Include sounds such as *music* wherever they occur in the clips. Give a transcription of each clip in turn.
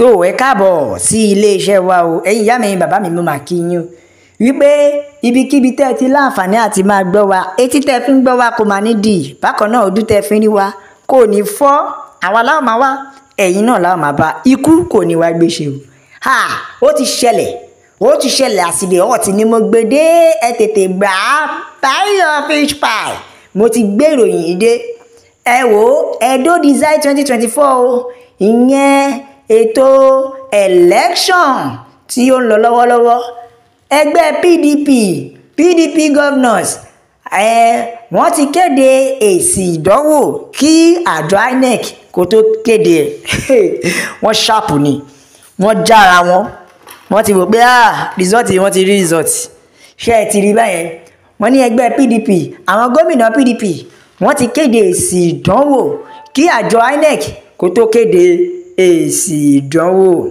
tó ẹ káàbọ̀ sí iléeṣẹ́ wa o ẹ̀yin ìyá mi bàbá mi mo mà kí yín o wípé ibikíbi tẹ́ ti láǹfààní àti máa gbọ́ wa etí tẹ́ fi ń gbọ́ wa kò máa ní dì bákan náà ojú tẹ́ ẹ fi ń rí wa kò ní fọ́ àwa láwọn máa wá ẹ̀yin náà láwọn máa bá ikú kò ní wá gbé ṣe o ha ó ti ṣẹlẹ̀ ó ti ṣẹlẹ̀ àsìlẹ̀ ọ̀tí ni mo gbé dé ẹ tètè gbà á báyọ̀ fish pie mo ti gbé ìròyìn yìí dé ẹ wò ó Edo Design twenty twenty four o ìyẹn ètò election tí ó ń lọ lọ́wọ́lọ́wọ́ ẹgbẹ́ pdp pdp governors ẹ wọ́n ti kéde èsì ìdánwò kí àjọ inec kó tó kéde ẹ̀ *laughs* wọ́n ṣàpù ni wọ́n jára wọn wọ́n ti wò pé ah result wọ́n ti rí result ṣé ẹ ti rí báyẹn wọ́n ní ẹgbẹ́ pdp àwọn gómìnà pdp wọ́n ti kéde èsì ìdánwò kí àjọ inec kó tó kéde èsì ìdánwò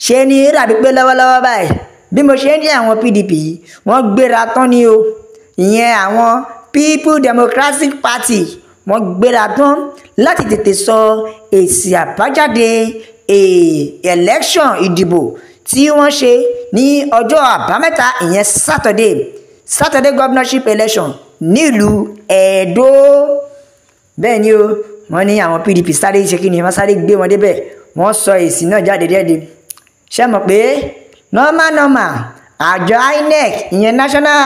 ṣe ni ó dàbí pé lọ́wọ́lọ́wọ́ báyìí bí mo ṣe ń dí àwọn PDP yìí wọ́n gbéra tán ni o ìyẹn àwọn People Democratic Party wọ́n gbéra tán láti tètè sọ èsì àbájáde e, election ìdìbò tí wọ́n ṣe ní ọjọ́ àbámẹ́ta ìyẹn Saturday Saturday governorship election nílùú Ẹdó bẹ́ẹ̀ ni o wọ́n ní àwọn PDP sáré ṣe kí ni wọ́n sáré gbé wọn débẹ̀ wọ́n sọ èsì náà jáde dẹ́de ṣé mọ̀ pé normal normal àjọ INEC ìyẹn National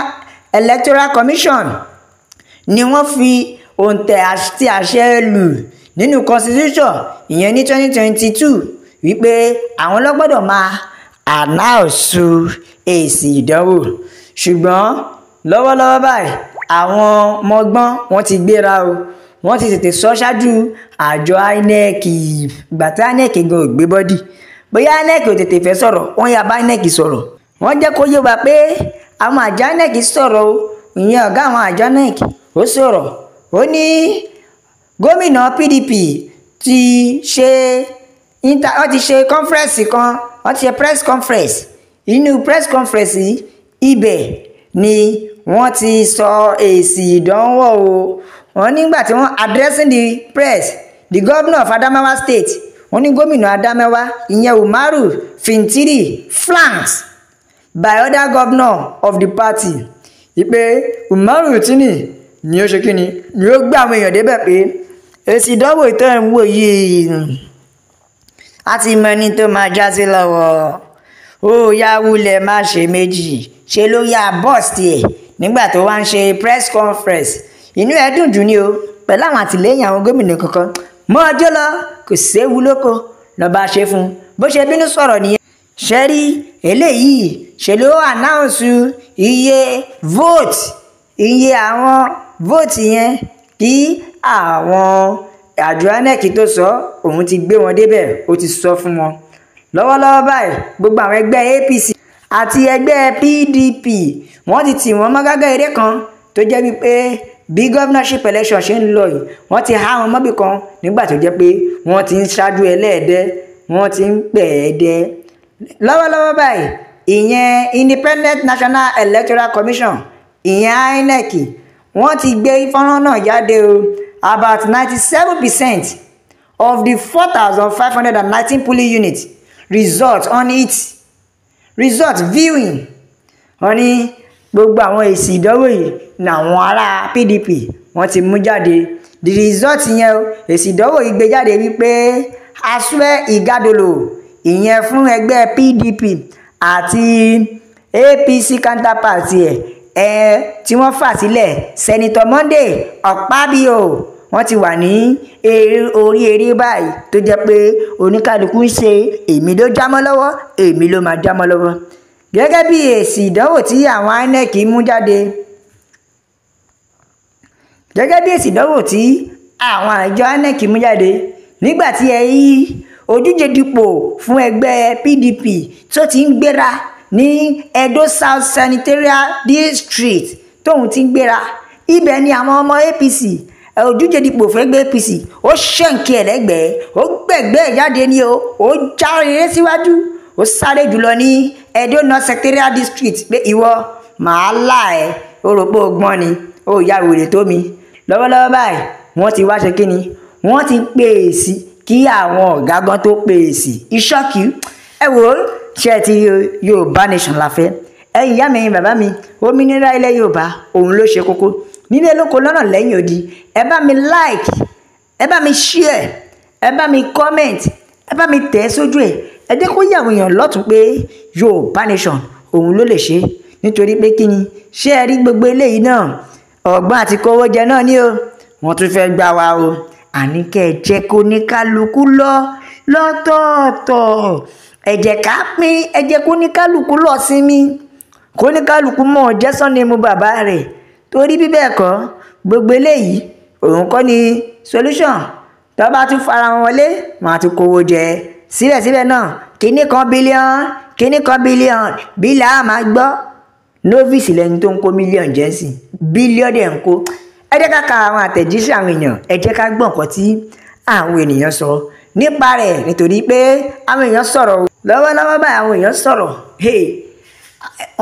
Electoral Commission ni wọ́n fi òǹtẹ̀ àti àṣẹ lù nínú constitution ìyẹn ní 2022 wípé àwọn ló gbọ́dọ̀ máa announce èsì ìdánwò ṣùgbọ́n lọ́wọ́lọ́wọ́ báyìí àwọn ọmọ ọgbọ́n wọn ti gbéra o wọ́n ti tètè sọ ṣáájú àjọ inec ìgbà tí inec gan ògbé bọ́dì bóyá inec ò tètè fẹ́ sọ̀rọ̀ wọ́n yà bá inec sọ̀rọ̀ wọ́n jẹ́ kó yé wa pé àwọn àjọ inec sọ̀rọ̀ o ìyẹn ọ̀gá àwọn àjọ inec ó sọ̀rọ̀ ó ní gómìnà pdp ti ṣe inter wọ́n ti ṣe conference kan wọ́n ti ṣe press conference inú press conference ibẹ̀ ni wọ́n ti sọ èsì ìdánwò o wọ́n nígbà tí wọ́n addressing the press the governor of Adamawa state wọ́n ní gómìnà Adamawa ìyẹn Umaru Fintiri flanked by other governor of the party ìpè Umaru Fintiri ni ó ṣe kíni ni ó gbé àwọn èèyàn débẹ̀ pé èsì ìdánwò ìtọ́ ẹ̀ ń wò yìí a ti mọ ẹni tó máa já sí lọ́wọ́ ó yá wulẹ̀ má ṣe méjì ṣe ló yá bọ́ọ̀sì tiẹ̀ nígbà tó wá ń ṣe press conference inú ẹ dùn jù ni o pẹ̀lú àwọn àtìlẹ́yìn àwọn gómìnà kankan mọ́ ọjọ́ lọ kò séwu lóko lọ́ba ṣe fún un bó ṣe bínú sọ̀rọ̀ nìyẹn ṣe eléyìí ṣe ló ànáùnsù iye vote iye àwọn vote yẹn kí àwọn àjọ INEC tó sọ òun ti gbé wọn débẹ̀ ó ti sọ fún wọn lọ́wọ́lọ́wọ́ báyìí gbogbo àwọn ẹgbẹ́ APC àti ẹgbẹ́ PDP wọ́n ti tì wọ́n mọ́gágá eré kan tó jẹ́ wípé bí governorship election ṣe ń lọ yìí wọ́n ti há wọn mọ́bì kan nígbà tó jẹ́ pé wọ́n ti ń ṣáájú ẹlẹ́ẹ̀dẹ́ wọ́n ti ń pẹ̀ ẹ́dẹ́ lọ́wọ́lọ́wọ́ báyìí ìyẹn Independent National Electoral Commission ìyẹn INEC wọ́n ti gbé fọ́nrán náà jáde o about ninety seven percent of the four thousand five hundred and nineteen polling units result on it result viewing honey gbogbo àwọn èsì ìdánwò yìí làwọn ará pdp wọ́n ti mú jáde the result yẹn o èsì ìdánwò yìí gbé jáde wípé asue igadolo ìyẹn fún ẹgbẹ́ pdp àti apc counterpart ẹ̀ ẹ̀ tí wọ́n fà sílẹ̀ senator monday ọ̀pábíò wọ́n ti wà ní orí eré báyìí tó jẹ́ pé oníkálukú ń ṣe èmi ló jámọ́ lọ́wọ́ èmi ló máa jámọ́ lọ́wọ́ gẹ́gẹ́ bí èsì ìdánwò tí àwọn inec mú jáde gẹ́gẹ́ bí èsì ìdánwò tí àwọn àjọ inec mú jáde nígbà tí ẹ yí Oduje dipò fún ẹgbẹ́ PDP tó ti ń gbéra ní Edo South Senatorial District tóun ti ń gbéra ibẹ̀ ni àwọn ọmọ APC Oduje dipò fún ẹgbẹ́ APC ó ṣẹ̀ǹkì ẹ̀lẹ́gbẹ̀ẹ́ ó gbẹ̀gbẹ́ jáde ni o ó já rere síwájú. Si O sáré jùlọ ní Edo North Secretariat District pé ìwọ màá là ẹ́ ó rò pé ọgbọ́n ni ó ya wèrè tó mi lọ́wọ́lọ́wọ́ báyìí wọ́n ti wá ṣe kí ni wọ́n ti pè é sí kí àwọn ọ̀gá gan tó pè é sí ìṣọ́kì ẹ wò ó ṣe ti Yorùbá Nation la fẹ́ ẹ̀yin ìyá mi ẹ̀yin bàbá mi òmìnira ilẹ̀ Yorùbá òun ló ṣe kókó nílé lóko lọ́nà lẹ́yìn odi ẹ bá mi like ẹ bá mi share ẹ bá mi comment ẹ bá mi tẹ̀ sójú ẹ̀ ẹ jẹ́ kó yé àwọn èèyàn lọ́tún pé yorùbá nation òun ló lè ṣe nítorí pé kí ni ṣé ẹ rí gbogbo eléyìí náà ọ̀gbọ́n àti kówó jẹ náà ni o wọ́n tún fẹ́ gbà wá o àní kẹ́ ẹ jẹ́ kó ní kálukú lọ lọ́tọ̀ọ̀tọ̀ ẹ ká pín ẹ kó ní kálukú lọ sinmi kó ní kálukú mọ̀ jẹ́ Sunday mu bàbá rẹ̀ torí bí bẹ́ẹ̀ kọ́ gbogbo eléyìí òun kọ́ ni solution tó bá tún fara wọn wọlé wọn á kówó jẹ síbẹ̀síbẹ̀ náà kínní kan bílíọ̀n kínní kan bílíọ̀n bílà á máa gbọ́ novice lẹni tó ń kó mílíọ̀n jẹ́ sí bílíọ̀n dẹ̀ ń kó ẹ jẹ́ ká ka àwọn àtẹ̀jíṣẹ́ àwọn èèyàn ẹ jẹ́ ká gbọ́ nǹkan tí àwọn ènìyàn sọ nípa rẹ̀ nítorí pé àwọn èèyàn sọ̀rọ̀ lọ́wọ́lọ́wọ́ báyìí àwọn èèyàn sọ̀rọ̀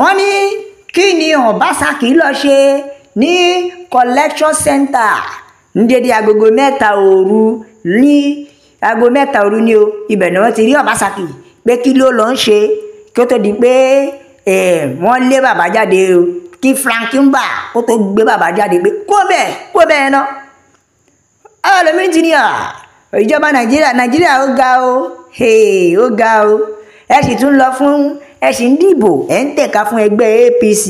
wọ́n ní kí ni Obasaki lọ ṣe ní collection center ní dédé agogo mẹ́ta òru ní aago mẹ́ta òru ni o ibẹ̀ ni wọ́n ti rí Obasaki pé kí ló lọ ń ṣe kí ó tó di pé eh, wọ́n lé bàbá jáde o kí Franky Mba ó tó gbé bàbá jáde pé kó bẹ́ẹ̀ kó bẹ́ẹ̀ ná ọlọ́mìn ti ní à ìjọba Nàìjíríà Nàìjíríà ó ga o ó ga o ẹ sì tún lọ fún ẹ sì ń dìbò ẹ ń tẹ̀ka fún ẹgbẹ́ APC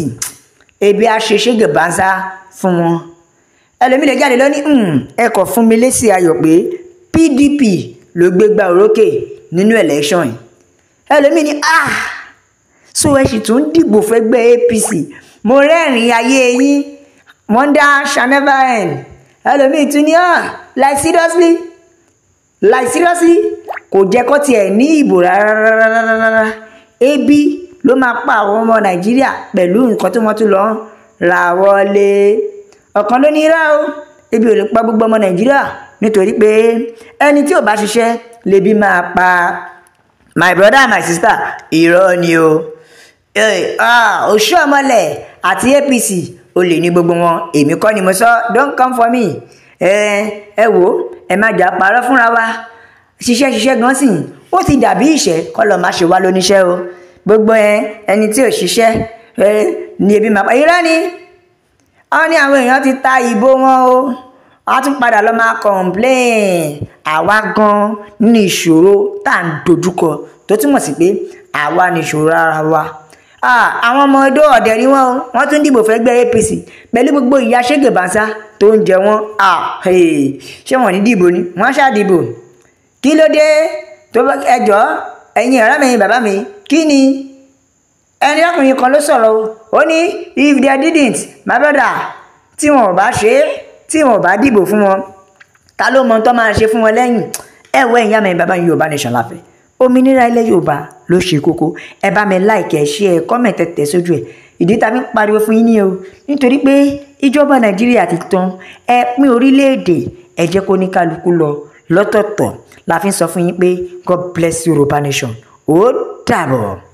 ebi àṣeṣége banza fún wọn ẹlòmíì lè jáde lọ ní hmm, ẹ kò fún mi lésì ayọ̀ pé PDP ló gbégbá orókè nínú election yìí ẹlòmíì ni ah so ẹ sì tún dìbò fẹ́gbẹ́ APC mo rẹ́rìn ayé yín wonder shall never end ẹlòmíì tún ni ah, like seriously like seriously kò jẹ́ kó tiẹ̀ ní ìbò rárá ebi ló máa pa àwọn ọmọ Nàìjíríà pẹ̀lú nǹkan tí wọ́n tún lọ ra wọlé ọ̀kan ló ní irá o ebi ò lè pa gbogbo ọmọ Nàìjíríà nítorí pé ẹni tí ò bá ṣiṣẹ́ lebi máa pa my brother and my sister irọ́ ni o eh, ah, Oṣuọmọlẹ àti APC olè ní gbogbo wọn èmi kọ́ ni mo sọ don't come for me eh, ẹ wò ẹ má jà parọ́ fúnra wa ṣiṣẹ́ ṣiṣẹ́ gan sì ó ti dàbí ìṣẹ́ kọ́ lọ́ọ́ má ṣe wá lóníṣẹ́ o gbogbo ẹni tí ò ṣiṣẹ́ eh, ni ebi máa pa irọ́ ni wọ́n ní àwọn èèyàn ti ta ìbò wọn o a tún padà lọ máa complain àwa gan ní ìṣòro tá à ń dojúkọ tó túmọ̀ sí pé àwa ní ìṣòro ara wa àwọn ọmọ ọdọ ọdẹ rí wọn o wọn tún dìbò fẹ́gbẹ́ APC pẹ̀lú gbogbo ìyá ṣègbèbánsá tó ń jẹ wọn ṣé wọn ní dìbò ni wọn ṣàdìbò kí ló dé tó ẹjọ́ ẹ̀yin ọ̀rẹ́ mi bàbá mi kí ni ẹni ọkùnrin kan ló sọ̀rọ̀ ó ní if they didn't my brother tí wọn ò bá ṣe é tí wọn ò bá dìbò fún wọn ta ló mọ tó máa ṣe fún wọn lẹ́yìn ẹ wọ ẹ̀yìn àmì bàbá Yorùbá nation la fẹ́ òmìnira ilẹ̀ Yorùbá ló ṣe kókó ẹ bá mi láìkẹ́ ṣí ẹ kọ́mẹ̀tẹ̀ tẹ̀ sójú ẹ̀ ìdí ta fi ń pariwo fún yín ní o nítorí pé ìjọba Nàìjíríà ti tán ẹ pín orílẹ̀ ẹ jẹ́ kó ní kálukú lọ lọ́tọ̀ọ̀tọ̀ la fi ń sọ fún yín pé God bless Yorùbá nation ó dàbọ̀.